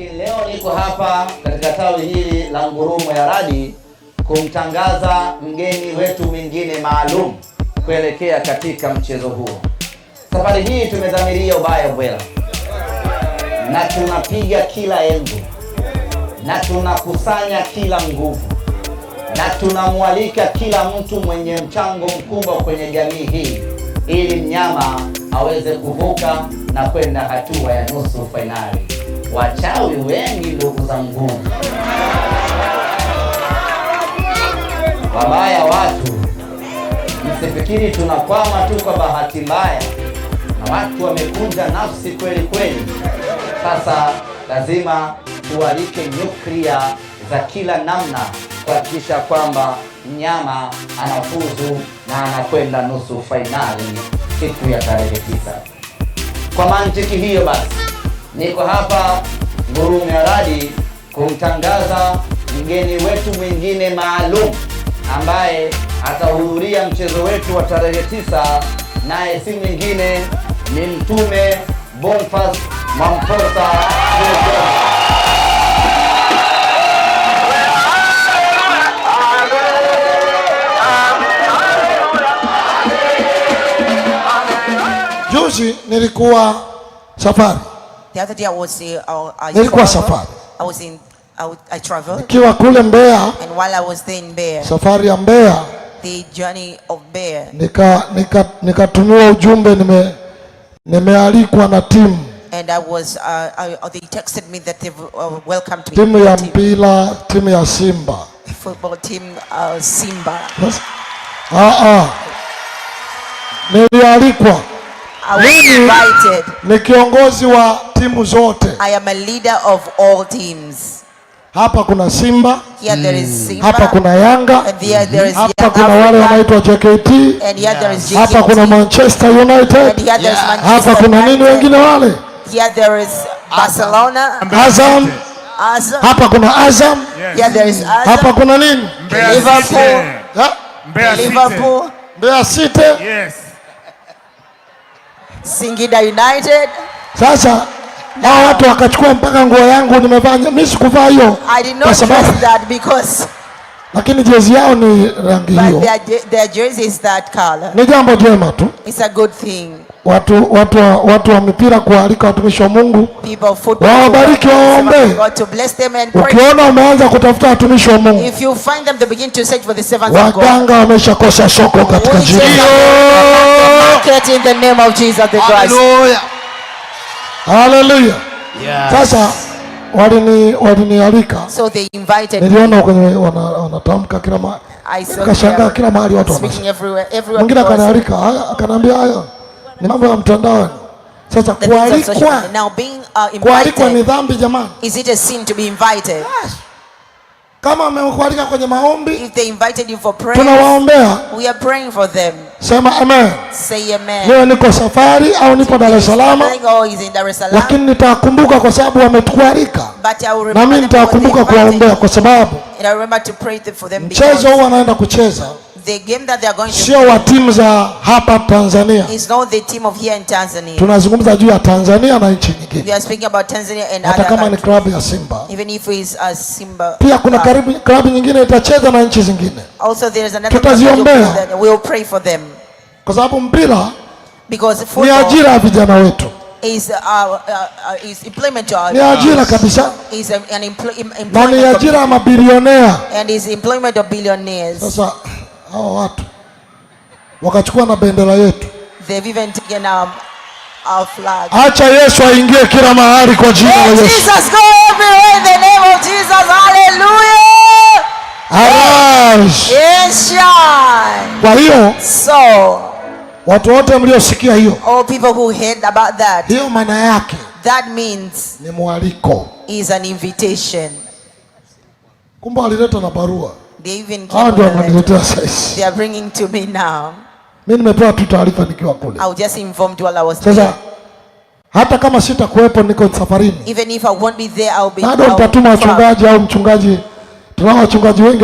Lakini leo niko hapa katika tawi hili la Ngurumo ya Radi kumtangaza mgeni wetu mwingine maalum kuelekea katika mchezo huo. Safari hii tumedhamiria ubaya bwela, na tunapiga kila engo, na tunakusanya kila nguvu, na tunamwalika kila mtu mwenye mchango mkubwa kwenye jamii hii ili mnyama aweze kuvuka na kwenda hatua ya nusu fainali. Wachawi wengi ndugu za nguvu, wabaya watu, msifikiri tunakwama tu kwa bahati mbaya, na watu wamekunja nafsi kweli kweli. Sasa lazima tualike nyuklia za kila namna kuhakikisha kwamba mnyama anafuzu na anakwenda nusu fainali siku ya tarehe tisa. Kwa mantiki hiyo basi Niko hapa Ngurume Aradi kumtangaza mgeni wetu mwingine maalum ambaye atahudhuria mchezo wetu wa tarehe tisa, naye si mwingine ni Mtume Bonfas Mwamposa. Juzi nilikuwa safari The other day I was uh, I nilikuwa I was in I traveled nikiwa kule Mbeya, and while I was there in Mbeya, safari ya the journey of Bear. nika nika nikatumiwa ujumbe, nime nimealikwa na team. and I was uh, I, uh, they texted me that they uh, welcomed me Team ya Mpila, team ya Simba football team uh, Simba. Ah ah, nilialikwa mimi ni kiongozi wa timu zote. I am a leader of all teams. Hapa kuna Simba, Here there is mm. Simba. Hapa kuna Yanga and there is hapa kuna Wale wanaitwa JKT and here there is JKT. Hapa kuna Manchester United and here there is Manchester hapa kuna nini wengine wale Here there is Barcelona. Azam. Azam. Hapa kuna Azam. Yes. there is Azam. Hapa kuna nini? Mbeya Liverpool. Mbeya City. Mbeya City. Yes. Singida United. Sasa na watu wakachukua mpaka nguo yangu nimevaa, mimi sikuvaa hiyo kwa sababu lakini jezi yao ni rangi hiyo. Ni jambo jema tu. It's a good thing. Watu, watu, watu wa mipira kualika watumishi wa Mungu Wabariki waombe. Ukiona umeanza kutafuta watumishi wa Mungu, If you find them they begin to search for the servants of God. waganga wameshakosa soko katika njia it in the name of Jesus the Christ. Hallelujah. Hallelujah. Yes. Sasa walini walinialika. So they invited. Niliona kwenye wanatamka kila mahali. Kashangaa kila mahali watu wanasema. Mwingine akanialika, haya ni mambo ya mtandaoni. Sasa kualikwa. Now being uh, invited. Kualikwa ni dhambi jamani. Is it a sin to be invited? Yes. Kama amekualika kwenye maombi. If they invited you for prayer. Tunawaombea. We are praying for them. Sema amen. Say amen. Leo niko safari au nipo Dar es Salaam, lakini nitakumbuka kwa sababu wametualika, na mimi nitawakumbuka kuwaombea kwa sababu mchezo huu anaenda kucheza sio wa timu za hapa Tanzania. Tunazungumza juu ya Tanzania na nchi nyingine, hata kama ni klabu ya Simba. Simba pia kuna karibu klabu nyingine itacheza na nchi zingine, tutaziombea kwa sababu mpira ni ajira ya vijana wetu Is, uh, uh, uh, is employment to our ni ajira kabisa is an employment na ni ajira ya mabilionea. Sasa hawa watu wakachukua na bendera yetu. They've even taken our, our flag. Acha Yesu aingie kila mahali kwa jina la oh, Yesu. Jesus go everywhere in the name of Jesus. Hallelujah. Arise. Yes, shine. Kwa hiyo so watu wote mliosikia hiyo, all people who heard about that, hiyo maana yake that means ni mwaliko, is an invitation. Kumbe alileta na barua hao ndio wananiletea saizi. They are bringing to me now. Mimi nimepewa tu taarifa nikiwa kule. I was just informed while I was there. hata kama sitakuwepo niko safarini. Even if I won't be there I'll be. Bado nitatuma wachungaji au mchungaji. Tuna wachungaji wengi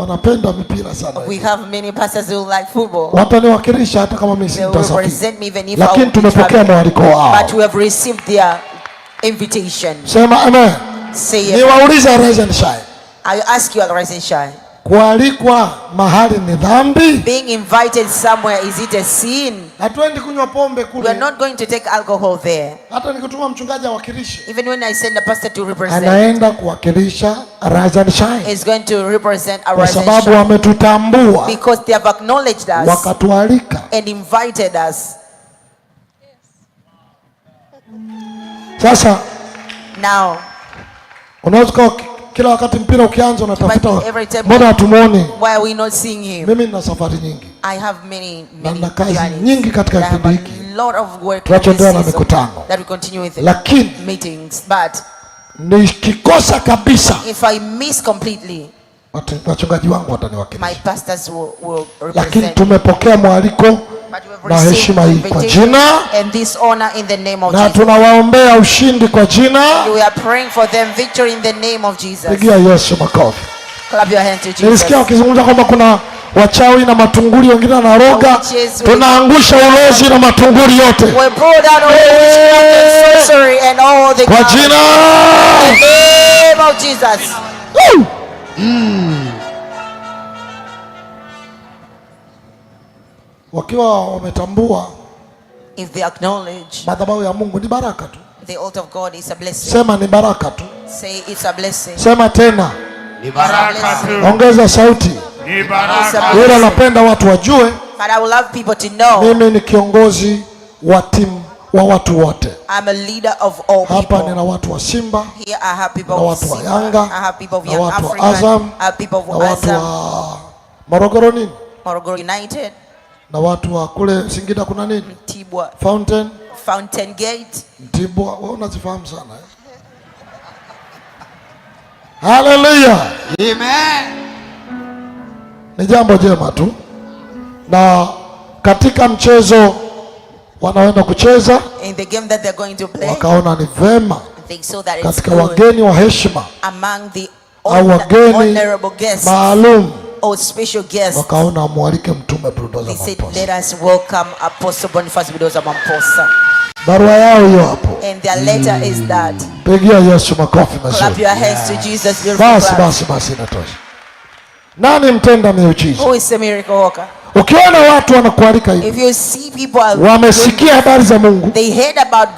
wanapenda mipira sana. We have many pastors who like football. Wataniwakilisha hata kama mimi sitasafiri. Lakini tumepokea mwaliko wao. But we have received their invitation. Sema amen. Say amen. Niwaulize rise and shine. I ask you, organization. Kualikwa mahali ni dhambi? Being invited somewhere is it a sin? Hatuendi kunywa pombe kule. We are not going to take alcohol there. Hata nikutuma mchungaji awakilishe. Even when I send a pastor to represent. Anaenda kuwakilisha Arise and Shine. He's going to represent Arise and Shine. Kwa sababu wametutambua. Because they have acknowledged us. Wakatualika. And invited us. Sasa. Now. Unaweza kila wakati mpira ukianza unatafuta mbona hatumuoni? Mimi nina safari nyingi na nina kazi nyingi katika kipindi hiki tunachoendelea na mikutano, lakini nikikosa kabisa wachungaji wangu wataniwakilisha, lakini tumepokea mwaliko na heshima hii kwa jina, na tunawaombea ushindi kwa jina. Pigia Yesu makofi. Nilisikia wakizungumza kwamba kuna wachawi na matunguri wengine wanaroga, tunaangusha ulozi na matunguri yote kwa jina. wakiwa wametambua if they acknowledge madhabahu ya Mungu ni baraka tu. The altar of God is a blessing. Sema ni baraka tu. Say it's a blessing. Sema tena ni baraka tu. Ongeza sauti ni baraka. tu. Ila napenda watu wajue, but I would love people to know, mimi ni kiongozi wa timu wa watu wote. I'm a leader of all people. Hapa nina watu wa Simba, Here I have people na watu wa Yanga, I have people of Young Africa, I have people of Azam, na watu wa Morogoro nini? Morogoro United na watu wa kule Singida kuna nini? Mtibwa. Fountain. Fountain Gate. Mtibwa, wewe unazifahamu sana eh? Haleluya. Amen. Ni jambo jema tu, na katika mchezo wanaoenda kucheza In the game that they're going to play, wakaona ni vema katika wageni wa heshima au wageni maalum a special guest. Wakaona amwalike mtume Mamposa. They said let us welcome Apostle Boniface Bulldozer Mamposa. Barua yao hiyo hapo. And their letter mm. is that. Pigia Yesu makofi mazuri. Clap your hands to Jesus. Basi basi basi inatosha. Nani mtenda miujiza? Who oh, is a miracle worker? Ukiona watu wanakualika hivi, wamesikia habari za Mungu,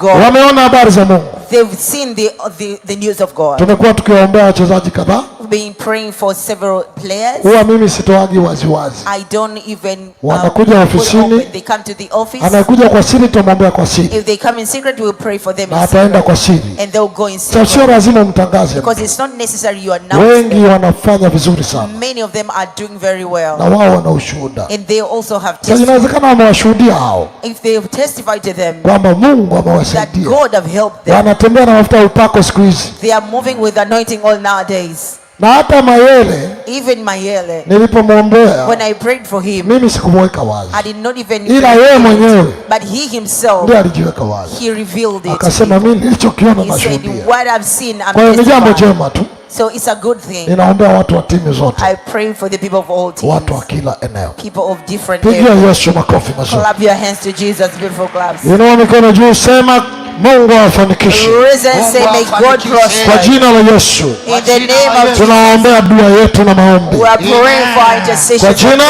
wameona habari za Mungu they've seen the, uh, the, the news of God. Tumekuwa tukiwaombea wachezaji kadhaa. Been praying for several players. Huwa mimi sitoagi waziwazi. I don't even um, wanakuja ofisini. They come to the office. Anakuja kwa siri, kwa siri. If they come in secret, we'll pray for them. Ataenda kwa siri. And they'll go in secret. Sio lazima mtangaze. Because it's not necessary you announce. Wengi wanafanya vizuri sana. Many of them are doing very well. Na wao wana ushuhuda. And they also have testimony. inawezekana wamewashuhudia hao. If they've testified to them. Kwamba Mungu amewasaidia. That God have helped them. Wana wanatembea na mafuta ya upako siku hizi. They are moving with anointing all nowadays. Na hata Mayele, even Mayele, nilipomwombea, when I prayed for him, mimi sikumweka wazi. I did not even ila yeye mwenyewe, but he himself, ndiye alijiweka wazi. He revealed it. Akasema mimi nilichokiona What I've seen, I'm Kwa ni jambo jema tu. So it's a good thing. Ninaombea watu wa timu zote. I pray for the people of all teams. Watu wa kila eneo. People of different areas. Pigia Yesu makofi mazuri. Clap your hands to Jesus beautiful claps. Inua mikono juu sema Mungu awafanikishe kwa jina la Yesu. Tunaombea dua yetu na maombi kwa jina